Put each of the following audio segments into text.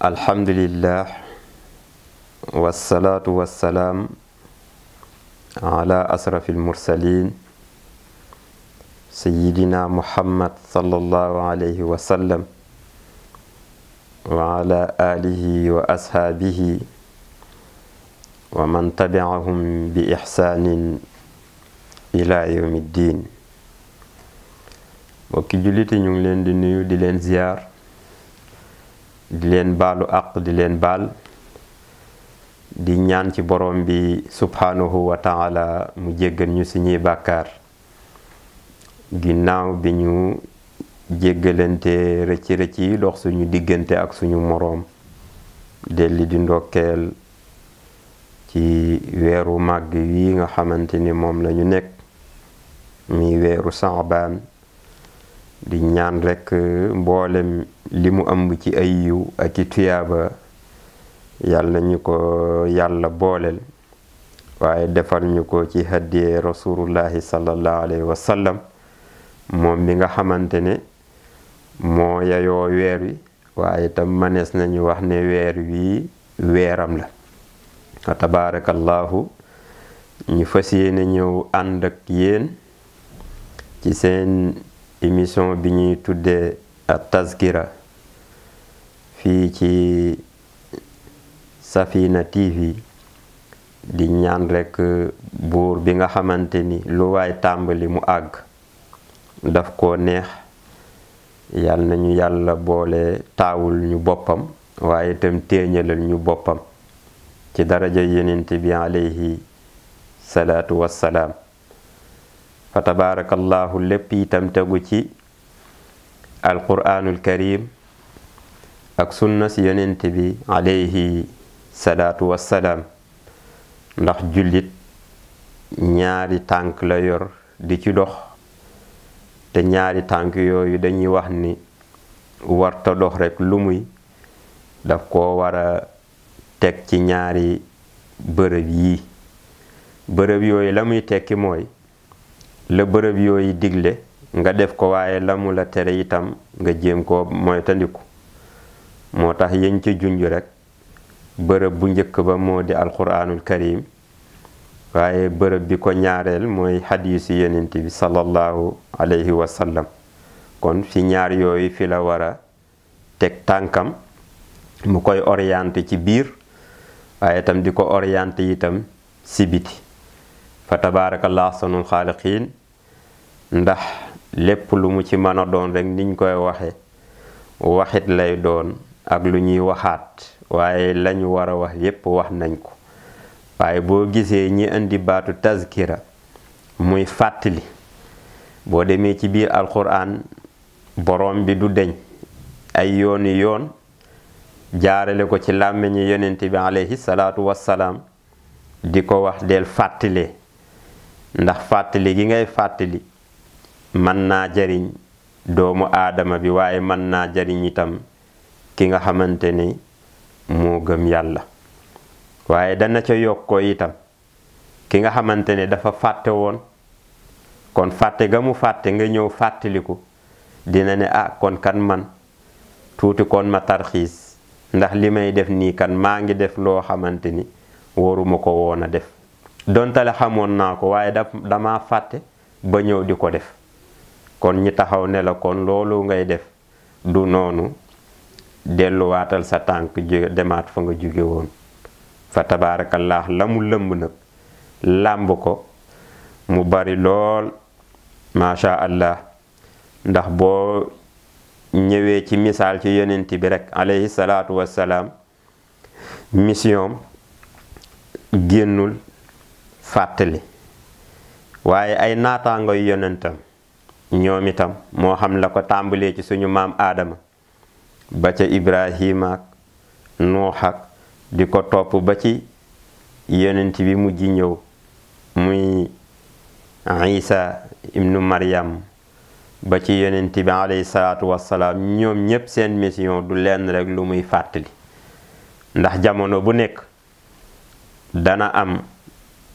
الحمد لله والصلاة والسلام على أسرف المرسلين سيدنا محمد صلى الله عليه وسلم وعلى آله وأصحابه ومن تبعهم بإحسان إلى يوم الدين وكي جلتي نيو لين دي نيو دي لين زيار di leen baalu àq di leen baal di ñaan ci borom bi subhanahu wa mu jéggal ñu suñuy bàkkaar ginnaaw bi ñu jéggalante rëcc rëcc yi dox suñu diggante ak suñu moroom delli di ndokkeel ci weeru màgg wi nga xamante ni moom lañu nekk muy weeru saabaan di ñaan rekk mboolem li mu ëmb ci ay yiw ak i tuyaaba yàlla ñu ko yàlla booleel waaye defal ñu ko ci haddiyee rasulullahi sallallahu alayhi wa moom mi nga xamante ne moo weer wi waaye itam manees nañu wax ne weer wi weeram la wa tabaarakallaahu ñu fas yéene ñëw ànd ak yéen ci seen émission bi ñuy tuddee ak tazkira fii ci Safina TV di ñaan rekk buur bi nga xamante ni lu waay tàmbali mu àgg daf ko neex yal nañu yàlla boole taawul ñu boppam waaye itam téeñalal ñu boppam ci daraja yonent bi aleyhi salaatu wassalaam fa tabaarakallaahu lépp itam tegu ci alquraanul karim ak sunna si yonent bi alayhi salaatu wassalaam ndax jullit ñaari tànk la yor di ci dox te ñaari tànk yooyu dañuy wax ni warta dox rekk lu muy daf ko wara a teg ci ñaari bërëb yi bërëb yooyu la muy tekki mooy la bërëb yooyu digle nga def ko waaye lamu la tere itam nga jéem koo moytandiku moo tax yéen ci junj rekk bërëb bu njëkk ba moo di alquraanul karim waaye bërëb bi ko ñaareel mooy xadiisu yonent bi sallallahu alayhi wa sallam kon fi ñaar yooyu fi la war a teg tànkam mu koy orienté ci biir waaye itam di ko orienté itam si biti fa tabaaraka laasanul xaaliqiin ndax lépp lu mu ci mën a doon rek niñ koy waxe waxit lay doon ak lu ñuy waxaat waaye lañu wara wax yépp wax nañ ko waaye boo gisee ñi indi baatu tazkira muy fàttali boo demee ci biir alxuraan borom bi du deñ ay yooni yoon jaarale ko ci làmmiñu yonent bi aleyhi salaatu wassalaam di ko wax del fàttalee ndax fàttali gi ngay fàttali man naa jariñ doomu aadama bi waaye man naa jariñ itam ki nga xamante ni moo gëm yàlla waaye dana ca yokko itam ki nga xamante ni dafa fàtte woon kon fàtte ga mu fàtte nga ñëw fàttaliku dina ne ah kon kan man tuuti kon ma tarxiis ndax li may def nii kan maa ngi def loo xamante ni waruma ko woon a def donte la xamoon naa ko waaye da damaa fàtte ba ñëw di ko def kon ñi taxaw ne la kon loolu ngay def du noonu delluwaatal sa tànk demaat fa nga jóge woon fa tabaarakallaax la lëmb nag làmb ko mu bari lool macha allah ndax boo ñëwee ci misaal ci yonent bi rekk alayhi salaatu wassalaam mission génnul fàttali waaye ay naataangoy yonentam ñoom itam moo xam la ko tàmbalee ci suñu maam aadama ba ca ibrahima ak nuux ak di ko topp ba ci yonent bi mujj ñëw muy isa ibnu maryam ba ci yonent bi alayhi salaatu wassalaam ñoom ñépp seen mission du lenn rekk lu muy fàttali ndax jamono bu nekk dana am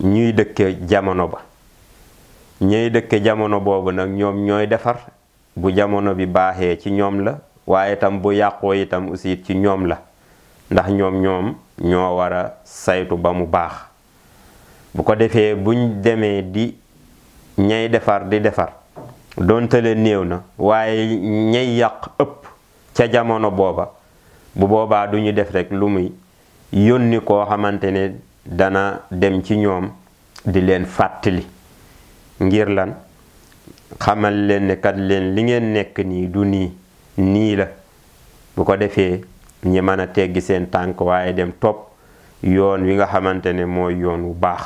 ñuy dëkke jamono ba ñooy dëkke jamono boobu nag ñoom ñooy defar bu jamono bi baaxee ci ñoom la waaye tam bu yàqoo itam aussi ci ñoom la ndax ñoom ñoom ñoo war a saytu ba mu baax bu ko defee buñ demee di ñay defar di defar doonte le néew na waaye ñay yàq ëpp ca jamono booba bu boobaa duñu def rekk lu muy yónni koo xamante ne dana dem ci ñoom di leen fàttali ngir lan xamal leen ne kat leen li ngeen nekk nii du nii nii la bu ko defee ñi mën a teggi seen tànk waaye dem topp yoon wi nga xamante ne mooy yoon wu baax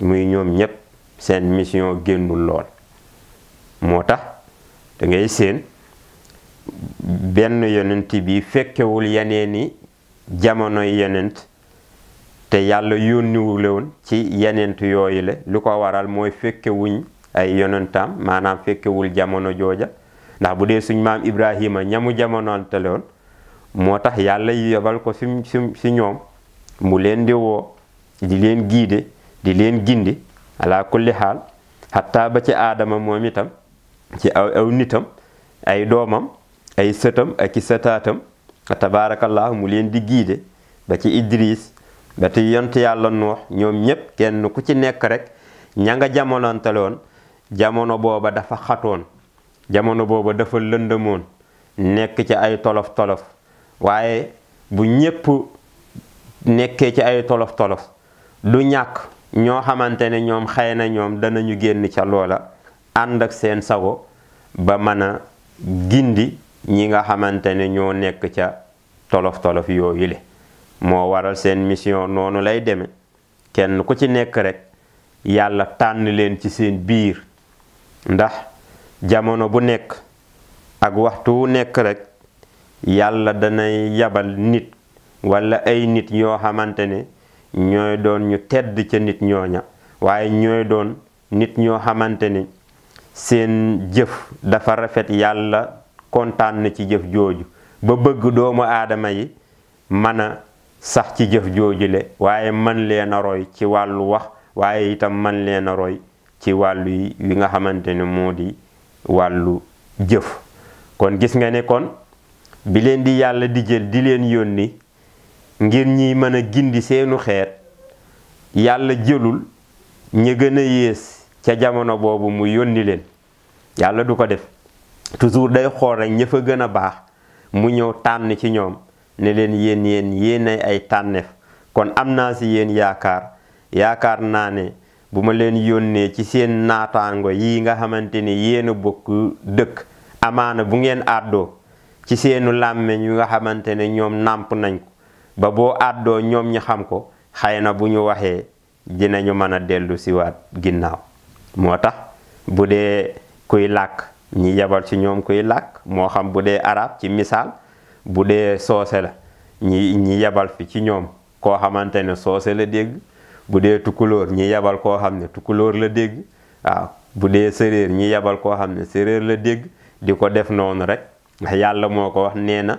muy ñoom ñépp seen mission génnul lool moo tax dangay ngay seen benn yonent bi fekkewul yeneeni jamonoy yonent te yàlla yónniwule woon ci yeneentu yooyu le lu ko waral mooy fekke wuñ ay yonentam maanaam fekkewul jamono jooja ndax bu dee suñ maam Ibrahima ñamu jamonoontale woon moo tax yàlla yebal ko si ñoom mu leen di woo di leen giide di leen gindi ala kulli xaal xattaa ba ci aadama moom itam ci aw ay doomam ay sëtam ak i sëtaatam tabaarakallahu mu leen di giide ba Idris ba tey yont yàlla nuux ñoom ñépp kenn ku ci nekk rek ña nga jamonoontale woon jamono booba dafa xatoon jamono booba dafa lëndëmoon nekk ci ay tolof tolof waaye bu ñépp nekkee ci ay tolof tolof du ñàkk ñoo xamante ne ñoom xëy na ñoom danañu génn ca loola ànd ak seen sago ba mën a gindi ñi nga xamante ne ñoo nekk ca tolof tolof yooyu le moo waral seen mission noonu lay demee kenn ku ci nekk rekk yàlla tànn leen ci seen biir ndax jamono bu nekk ak waxtu wu nekk rekk yàlla danay yabal nit walla ay nit yoo xamante ne ñooy doon ñu tedd ca nit ñooña waaye ñooy doon nit ñoo xamante ni seen jëf dafa rafet yàlla kontaan na ci jëf jooju ba bëgg doomu aadama yi mën sax ci jëf joojule waaye man leen a roy ci wàllu wax waaye itam man leen a roy ci wàllu yi wi nga xamante ne moo di wàllu jëf kon gis nga ne kon bi leen di yàlla di jël di leen yónni ngir ñiy mën a gindi seenu xeet yàlla jëlul ña gën a yées ca jamono boobu mu yónni leen yàlla du ko def toujours day xool rekk ña fa gën a baax mu ñëw tànn ci ñoom ne leen yéen yéen yéenay ay tànneef kon am naa si yéen yaakaar yaakaar naa ne bu ma leen yónnee ci seen naataango yi nga xamante ni yéen a bokk dëkk amaana bu ngeen àddoo ci seenu làmmeñ yu nga xamante ne ñoom nàmp nañ ko ba boo àddoo ñoom ñi xam ko xëy na bu ñu waxee dinañu mën a dellu siwaat ginnaaw moo tax bu dee kuy làkk ñi yabal ci ñoom kuy làkk moo xam bu dee arab ci misaal bu dee soose la ñi ñi yebal fi ci ñoom koo xamante ne soose la dégg bu dee tukkulóor ñi yebal koo xam ne tukkulóor la dégg waaw bu dee séréer ñi yebal koo xam ne séréer la dégg di ko def noonu rek ndax yàlla moo ko wax nee na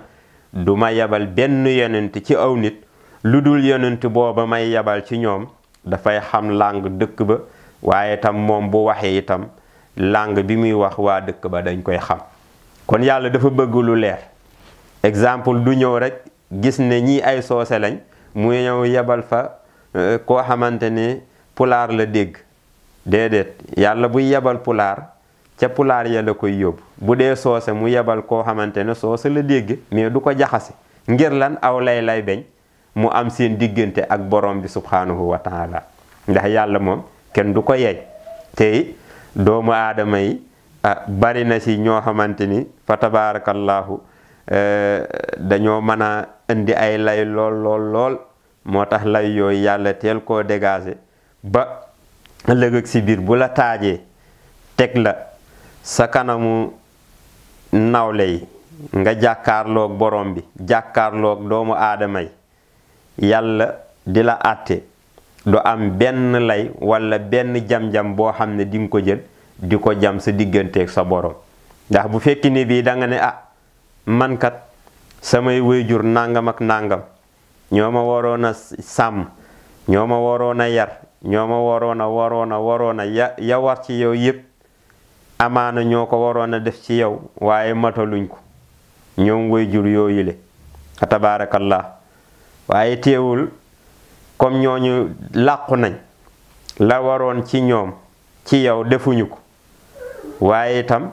du ma yebal benn yonent ci aw nit lu dul yonent booba may yebal ci ñoom dafay xam langue dëkk ba waaye itam moom bu waxee itam langue bi muy wax waa dëkk ba dañ koy xam kon yàlla dafa bëgg lu leer exemple du ñëw rek gis ne ñii ay soose lañ mu ñëw yebal fa euh, koo xamante ne pulaar la dégg déedéet yàlla buy yebal pulaar ca pulaar ya la koy yóbbu bu dee soose mu yebal koo xamante ne soose la dégg mais du ko jaxase ngir lan aw lay lay beñ mu am seen diggante ak borom bi subhanahu wa taala ndax yàlla moom kenn du ko yey tey doomu aadama yi ah, bari na si ñoo xamante ni fa tabaarakallaahu Eh, dañoo mën a indi ay lay lool lool moo tax lay yooyu yàlla teel koo dégager ba ëllëg ak biir bu la taajee teg la sa kanamu nawle yi nga jàkkaarloog borom bi jàkkaarloog doomu aadama yi yàlla di la àtte du am benn lay walla benn jam-jam boo xam ne di nga ko jël di ko jam sa digganteeg sa borom ndax bu fekki ni bii da ne ah mankat kat samay wéyjur nangam ak nangam ñooma ma waroon a sàmm ñoo ma waroon yar ñoo ma waroon a ya ya war ci yow yépp amaana ñoo ko waroon a def ci yow waaye mataluñ ko ñoom wéyjur yooyule a tabaarakallah waaye teewul kom ñooñu làqu nañ la waroon ci ñoom ci yow defuñu ko waaye itam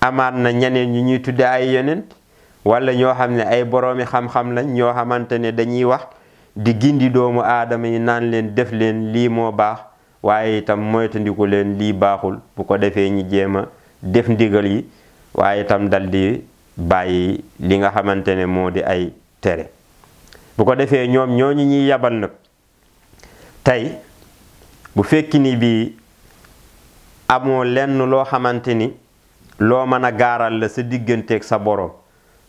amaat na ñeneen ñi ñuy tudde ay yonent walla ñoo xam ne ay boroomi xam-xam lañ ñoo xamante ne dañuy wax di gindi doomu aadama yi naan leen def leen lii moo baax waaye itam moytandiku leen lii baaxul bu ko defee ñu jéem a def ndigal yi waaye itam dal di bàyyi li nga xamante ne moo di ay tere bu ko defee ñoom ñooñu ñuy yabal nag tey bu fekki ni bii amoo lenn loo xamante ni loo mën a gaaral la sa digganteek sa boroom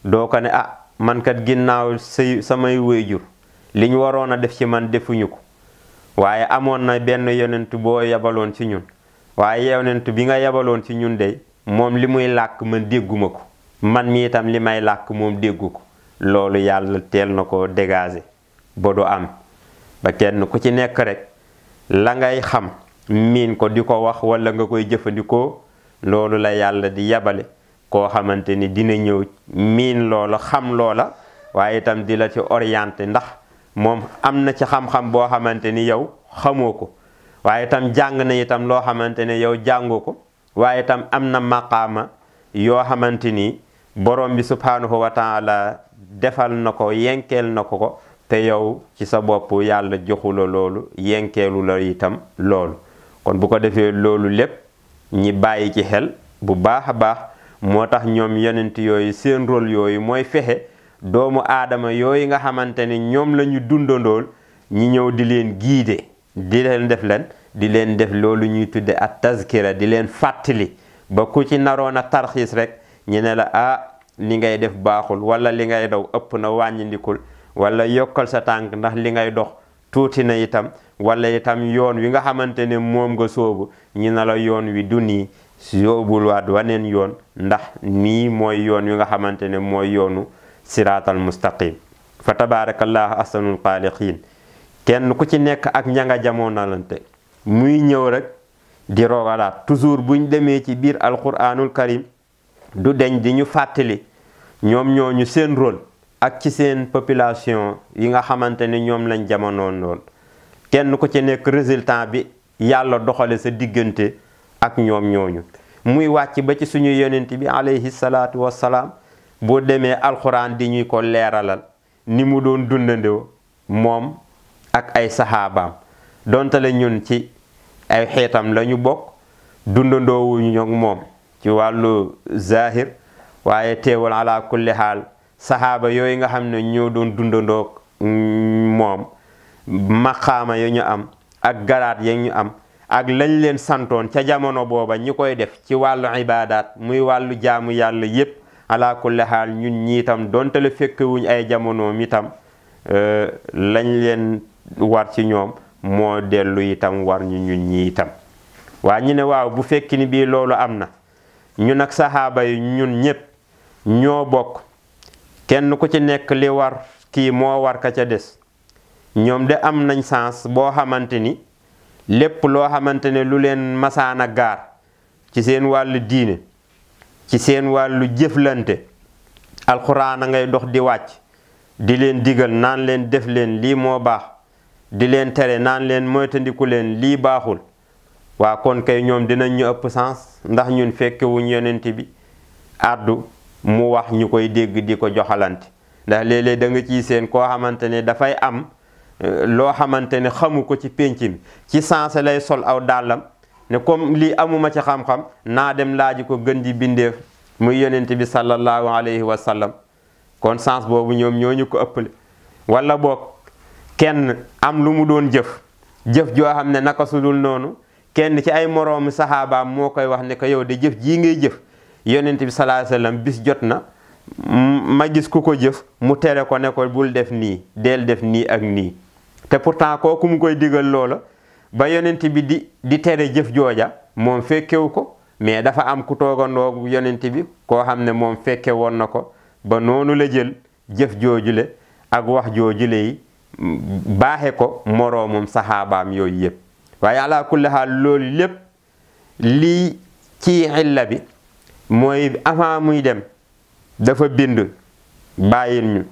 doo ko ne ah man kat ginnaaw say samay wéyjur li ñu waroon a def ci man defuñu ko waaye amoon na benn yonent boo yabaloon ci ñun waaye yonent bi nga yabaloon ci ñun day moom li muy làkk man dégguma ko man mi itam li may làkk moom déggu ko loolu yàlla teel na ko dégagé ba du am ba kenn ku ci nekk rek la ngay xam miin ko di ko wax wala nga koy jëfandikoo loolu la yàlla di yabale koo xamante ni dina ñëw miin loola xam loola waaye itam di la ci orienté ndax moom am na ci xam-xam boo xamante ni yow xamoo ko waaye itam jàng na itam loo xamante ne yow jàngoo ko waaye itam am na maqaama yoo xamante ni borom bi subhaanahu wa taala defal na ko yenkeel na ko ko te yow ci sa bopp yàlla joxula loolu yenkeelu la itam loolu kon bu ko defee loolu lépp ñi bàyyi ci xel bu baax a baax moo tax ñoom yonent yooyu seen rôle yooyu mooy fexe doomu aadama yooyu nga xamante ni ñoom la ñu dundandool ñi ñëw di leen giide di leen def leen di leen def loolu ñuy tudde at tazkira di leen fàttali ba ku ci naroon a tarxiis rek ñu ne la ah li ngay def baaxul wala li ngay daw ëpp na wàññindikul wala yokkal sa tànk ndax li ngay dox tuuti na itam wala itam yoon wi nga xamante ne moom nga soobu ñi ne la yoon wi du nii yóbbulwaat waneen yoon ndax nii mooy yoon wi nga xamante ne mooy yoonu siraatal mustaqim fa tabaarakallaahu ahsanul xaaliqiin kenn ku ci nekk ak ña nga jamoonalante muy ñëw rek di rogalaat toujours buñ demee ci biir alquraanul karim du deñ di ñu fàttali ñoom ñooñu seen rôle ak ci seen population yi nga xamante ne ñoom lañ jamono lool kenn ku ci nekk résultat bi yàlla doxale sa diggante ak ñoom ñooñu muy wàcc ba ci suñu yonent bi alayhi salaatu wassalaam boo demee alxuraan di ñuy ko leeralal ni mu doon dundandoo moom ak ay saxaabaam donte la ñun ci ay xeetam lañu bokk dundandoowuñu ñoom moom ci wàllu zahir waaye teewul ala kulli xaal saxaaba yooyu nga xam ne ñoo doon dundandoo moom maqaama ya ñu am ak garaat yee ñu am ak lañ leen santoon ca jamono booba ñi koy def ci wàllu ibadat muy wàllu jaamu yàlla yépp ala kulli xaal ñun ñiitam donte la fekkewuñ ay jamonoom itam euh, lañ leen war ci ñoom moo dellu itam war ñu ñun ñi itam waa ñu ne waaw bu fekk ni bii loolu am na ñun ak saxaaba yi ñun ñëpp ñoo bokk kenn ku ci nekk li war kii moo war ka ca des ñoom de am nañ sens boo xamante ni lépp loo xamante ne lu leen masaan a gaar ci seen wàllu diine ci seen wàllu jëflante alxuraan a ngay dox di wàcc di leen digal naan leen def leen lii moo baax di leen tere naan leen moytandiku leen lii baaxul waa kon kay ñoom dinañ ñu ëpp sens ndax ñun fekkewuñ yeneent bi àddu mu wax ñu koy dégg di ko joxalante ndax léeg-léeg da ciy seen koo xamante ne dafay am loo xamante ne xamu ko ci pénc mi ci sansé lay sol aw dàllam ne comme lii amuma ci xam-xam naa dem laaji ko gën ji bindeef muy yonent bi sallallahu alayhi wa sallam kon sens boobu ñoom ñooñu ko ëppale walla boog kenn am lu mu doon jëf jëf joo xam ne naka su noonu kenn ci ay moroomu saxaabaam moo koy wax ne ko yow de jëf jii ngay jëf yonent bi sallallahu alayhi bis jot na ma gis ku ko jëf mu tere ko ne bul def nii del def nii ak nii te pourtant kooku mu koy digal loola ba yonent bi di di tere jëf jooja moom fekkewu ko mais dafa am ku toogandoo yonent bi koo xam ne moom fekke woon na ko ba noonu la jël jëf joojule ak wax joojule yi baaxe ko moroomum saxaabaam yooyu yëpp waaye ala kulli xaal loolu lépp lii ci xilla bi mooy avant muy dem dafa bind bàyyil ñu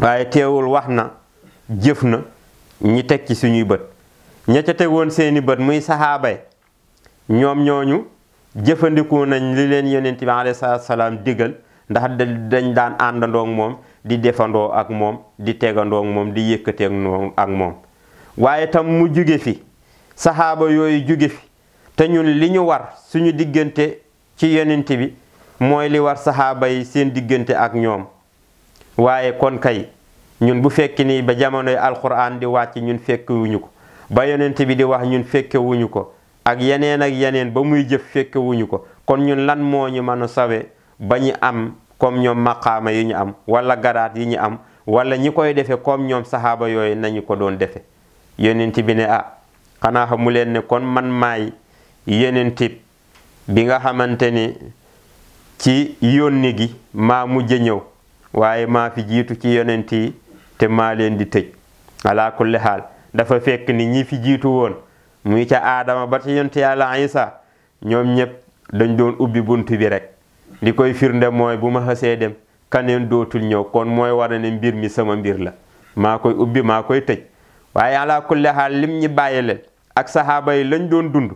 waaye teewul wax na jëf na ñi teg ci suñuy bët ña ca tegoon seeni bët muy saxaaba ñoom ñooñu jëfandikoo nañ li leen yonent bi alayhi salaam digal ndax dañ daan àndandoo moom di defandoo ak moom di tegandoo moom di yëkkatee ak moom waaye tam mu jóge fi saxaaba yooyu jóge fi te ñu li ñu war suñu diggante ci yonent bi mooy li war saxaaba yi seen diggante ak ñoom waaye kon kay ñun bu fekk ni ba jamonoy alquran di wàcc ñun fekkewuñu ko ba yonente bi di wax ñun fekkewuñu ko ak yeneen ak yeneen ba muy jëf fekkewuñu ko kon ñun lan moo ñu mën a sawe ba ñu am comme ñoom maqaama yi ñu am wala garaat yi ñu am wala ñi koy defe comme ñoom sahaaba yooyu nañu ko doon defe yonente bi ne ah xanaa xamu leen ne kon man maay yonente bi nga xamante ni ci yónni gi maa mujj ñëw waaye maa fi jiitu ci yonente yi te maa leen di tëj ala kulli xaal dafa fekk ni ñi fi jiitu woon muy ca aadama ba ci yonte yàlla isa ñoom ñëpp dañ doon ubbi bunt bi rek li koy firnde mooy bu ma xasee dem kaneen dootul ñëw kon mooy war ne mbir mi sama mbir la maa koy ubbi maa koy tëj waaye ala kulli xaal lim ñi bàyyi ak saxaaba yi lañ doon dund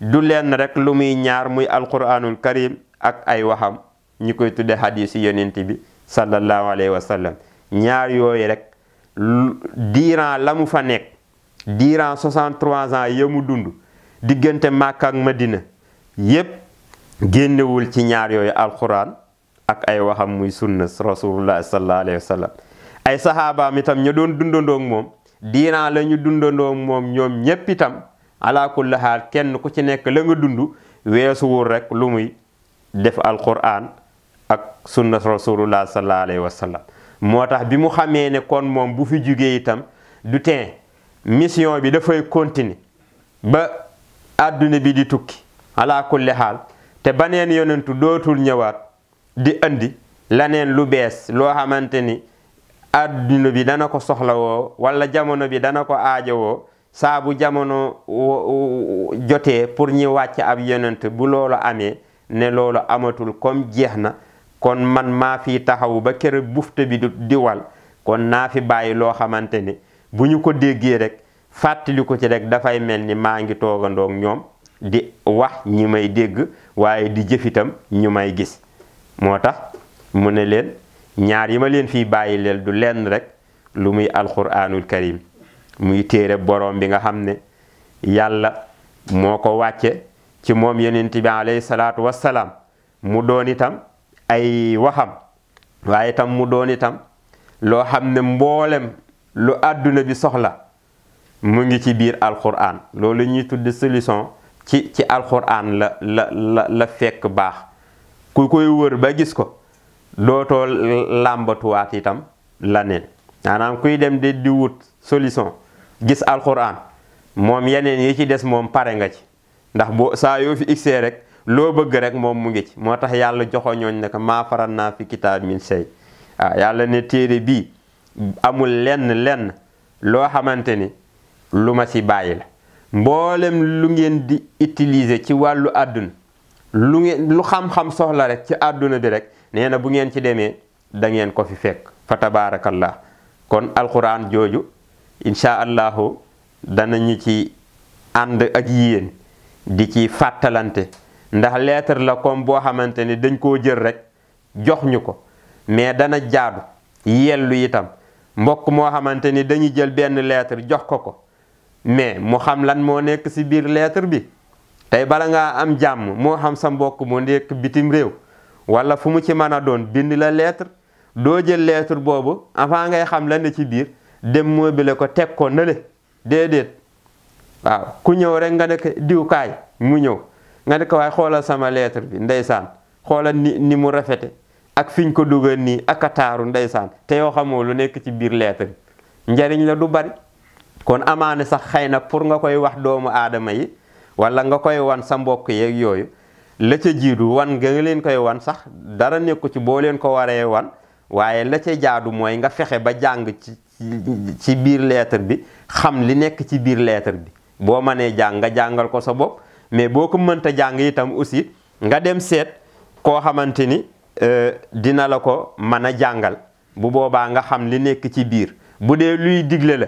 du leen rek lu muy ñaar muy alquranul karim ak ay waxam ñi koy tudde xadiis yi yonent bi sallallahu alayhi wa ñaar yooyu rek diiran la mu fa nekk diiran 63 ans ya mu dund diggante Màkka ak Madina yépp génnewul ci ñaar yooyu alxuraan ak ay waxam muy sunna rasulullah sallallahu alayhi wa ay saxaabaam itam ñu doon dundandoo ak moom diiran la ñu dundandoo moom ñoom ñépp itam ala kulli haal kenn ku ci nekk la nga dund weesuwul rek lu muy def alxuraan ak sunna rasulullah sallallahu alayhi wa moo tax bi mu xamee ne kon moom bu fi jugee itam du tee mission bi dafay continuer ba àdduna bi di tukki ala kulli xaal te baneen yonentu dootul ñëwaat di andi laneen lu bees loo xamante ni àdduna bi dana ko soxlawoo wala jamono bi dana ko aajowoo saa bu jamono jotee pour ñi wàcc ab yonent bu loolu amee ne loolu amatul kom jeex na kon man maa fi taxawu ba kër bufte bi di wal kon naa fi bàyyi loo xamante ni bu ñu ko déggee rek fàttali ko ci rek dafay mel ni maa ngi toogandoog ñoom di wax ñi may dégg waaye di jëfitam ñu may gis moo tax mu ne leen ñaar yi ma leen fii bàyyi leel du lenn rek lu muy alxuraanul karim muy téere boroom bi nga xam ne yàlla moo ko wàcce ci moom yonent bi alayhi salaatu wassalaam mu doon itam ay waxam waaye tam mu doon itam loo xam ne mboolem lu àdduna bi soxla mu ngi ci biir alxuraan loolu ñuy tudd solution ci ci alxuraan la la la la fekk baax ku koy wër ba gis ko dootoo làmbatuwaat itam la neen maanaam kuy dem de di wut solution gis alxuraan moom yeneen yi ci des moom pare nga ci ndax boo saa yoo fi xee rek loo bëgg rek moom mu ngi ci moo tax yàlla joxo ñooñ ne ko maa naa fi kitaab min sey yàlla ne téere bii amul lenn lenn loo xamante ni lu ma ci bàyyi la mboolem lu ngeen di utiliser ci wàllu àdduna lu ngeen lu xam-xam soxla rek ci àdduna bi rek nee na bu ngeen ci demee da ngeen ko fi fekk fa tabaarakallah kon alquran jooju incha allahu danañu ci ànd ak yéen di ci fàttalante ndax lettre la comme boo xamante ni dañ koo jël rek jox ñu ko mais dana jaadu yellu itam mbokk moo xamante ni dañu jël benn lettre jox ko ko mais mu xam lan moo nekk ci biir lettre bi tey bala ngaa am jàmm moo xam sa mbokk mu nekk bitim réew walla fu mu ci mën a doon bind la lettre doo jël lettre boobu avant ngay xam lan la ci biir dem mobile ko teg ko nële déedéet waaw ku ñëw rek nga nekk diwkaay mu ñëw nga ne ko waaye xoolal sama lettre bi ndeysaan xoolal ni ni mu rafete ak fiñ ko dugal nii ak a taaru ndeysaan te yoo xamoo lu nekk ci biir lettre bi la du bari kon amaane sax xëy na pour nga koy wax doomu aadama yi wala nga koy wan sa mbokk yeeg yooyu la ca wan nga leen koy wan sax dara nekku ci boo leen ko waree wan waaye la ca jaadu mooy nga fexe ba jàng ci ci biir lettre bi xam li nekk ci biir lettre bi boo mënee jàng nga jàngal ko sa bopp mais boo ko mënta jàng itam aussi nga dem seet koo xamante ni euh, dina la ko mën a jàngal bu boobaa nga xam li nekk ci biir bu dee luy digle la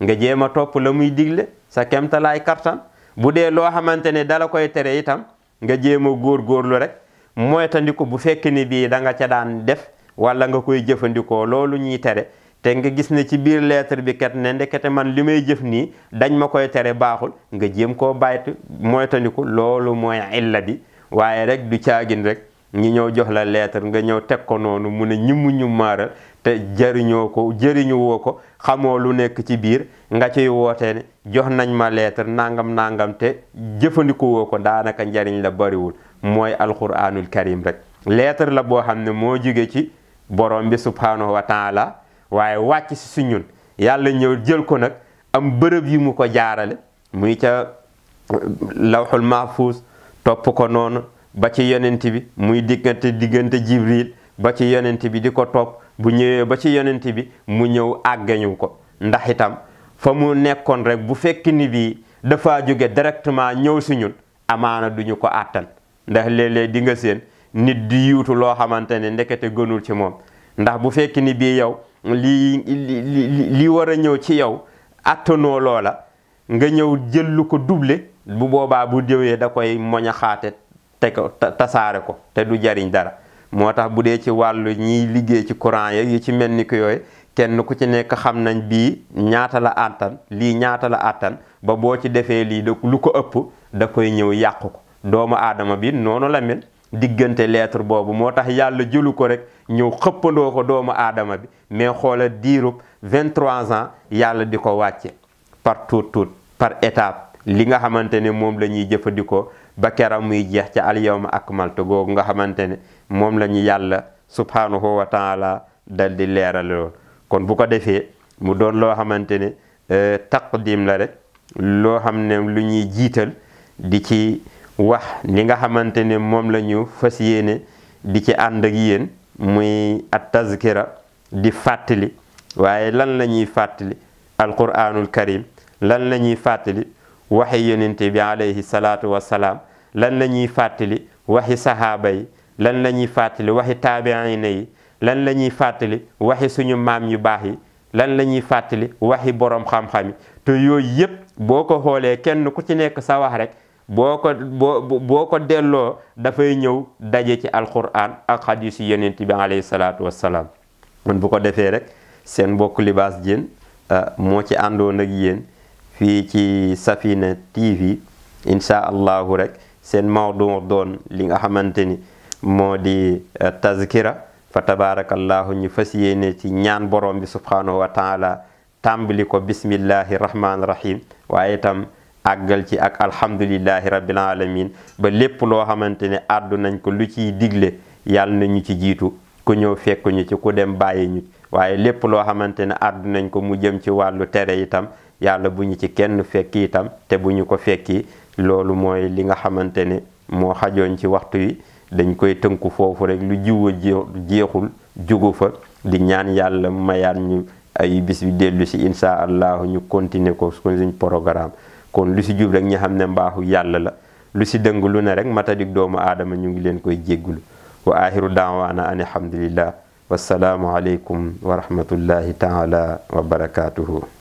nga jéem a topp la muy digle sa kemtalaay kartan bu dee loo xamante ne dala koy tere itam nga jéem a góorgóorlu rek ko bu fekk ni bii da nga ca daan def wala nga koy jëfandikoo loolu ñuy tere te nga gis ne ci biir lettre bi kat ne ndekete man li may jëf nii dañ ma koy tere baaxul nga jéem koo bàyyitu moytandiku loolu mooy illa bi waaye rek du caagin rek ñi ñëw jox la lettre nga ñëw teg ko noonu mu ne ñimmu ñu te jëriñoo ko jëriñu ko xamoo lu nekk ci biir nga ciy wootee ne jox nañ ma lettre nangam nangam te jëfandiku woo ko daanaka njariñ la bariwul mooy alquranul karim rek lettre la boo xam ne moo jóge ci borom bi subhanahu wa taala waaye wàcc si su yàlla ñëw jël ko nag am bërëb yi mu ko jaarale muy ca euh, lawxul mahfuus topp ko noonu ba ci yonent bi muy diggante diggante jibril ba ci yonent bi di ko topp bu ñëwee ba ci yonent bi mu ñëw àggañu ko ndax itam fa mu nekkoon rek bu fekk ni bii dafa jóge directement ñëw si ñun amaana duñu ko attan ndax léeg-léeg di nga seen nit di yuutu loo xamante ne ndekete gënul ci moom ndax bu fekk ni bii yow lii li war a ñëw ci yow attanoo loola nga ñëw jël lu ko duble bu boobaa bu jëwee da koy moñ xaate te ko tasaare ko te du jariñ dara moo tax bu dee ci wàllu ñii liggéey ci courant yee yu ci mel ni ko yooyu kenn ku ci nekk xam nañ bii ñaata la àttan lii ñaata la àttan ba boo ci defee lii lu ko ëpp da koy ñëw yàq ko doomu aadama bi noonu la mel diggante lettre boobu moo tax yàlla jëlu ko rek ñëw xëppandoo ko doomu aadama bi mais xoola diirub 23 ans yàlla di ko wàcce par tuut tuut par étape li nga xamante ne moom la ñuy jëfandikoo ba keram muy jeex ca alyawma akmaltu googu nga xamante ne moom la ñu yàlla subhanahu wa taala dal di leeral lool kon bu ko defee mu doon loo xamante ne euh, dim la rek loo xam ne lu ñuy jiital di ci wax li nga xamante ne moom la ñu fas yéene di ci ànd ak yéen muy at tazkira di fàttali waaye lan la ñuy fàttali alquraanul karim lan la ñuy fàttali waxi yonente bi alayhi salaatu wassalaam lan la ñuy fàttali waxi sahaaba yi lan la ñuy fàttali waxi taabiina yi lan la ñuy fàttali waxi suñu maam yu baax yi lan la ñuy fàttali waxi borom xam-xam yi te yooyu yépp boo ko xoolee kenn ku ci nekk sa wax rek boo ko boo boo ko delloo dafay ñëw daje ci alquran ak xadiis yi yonent bi alayhi salaatu wassalaam kon bu ko defee rek seen mbokk Libaas Diène euh, moo ci àndoon ak yéen fii ci Safina TV incha allahu rek seen mawdu doon li nga xamante ni moo di euh, tazkira fa tabarakallahu ñu fas yéene ci ñaan borom bi subhanahu wa ko bismillahi rahmaani rahim waaye itam àggal ci ak alhamdulillahi rabbil alamin ba lépp loo xamante ne àddu nañ ko lu ciy digle yàlla nañu ci jiitu ku ñëw fekk ñu ci ku dem bàyyi ñu waaye lépp loo xamante ne àddu nañ ko mu jëm ci wàllu tere itam yàlla bu ñu ci kenn fekki itam te bu ñu ko fekki loolu mooy li nga xamante ne moo xajoon ci waxtu wi dañ koy tënku foofu rek lu jiwa jeexul jugu fa di ñaan yàlla mu mayaan ñu ay bis bi dellu si insha allahu ñu continuer ko suñ programme kon lu si jub rek ñi xam ne mbaaxu yàlla la lu si dëng ne rek matadik doomu aadama ñu ngi leen koy jéggulu wa axiru daawaana an alhamdulillah wasalaamu aleykum wa rahmatullahi taala wa barakatuhu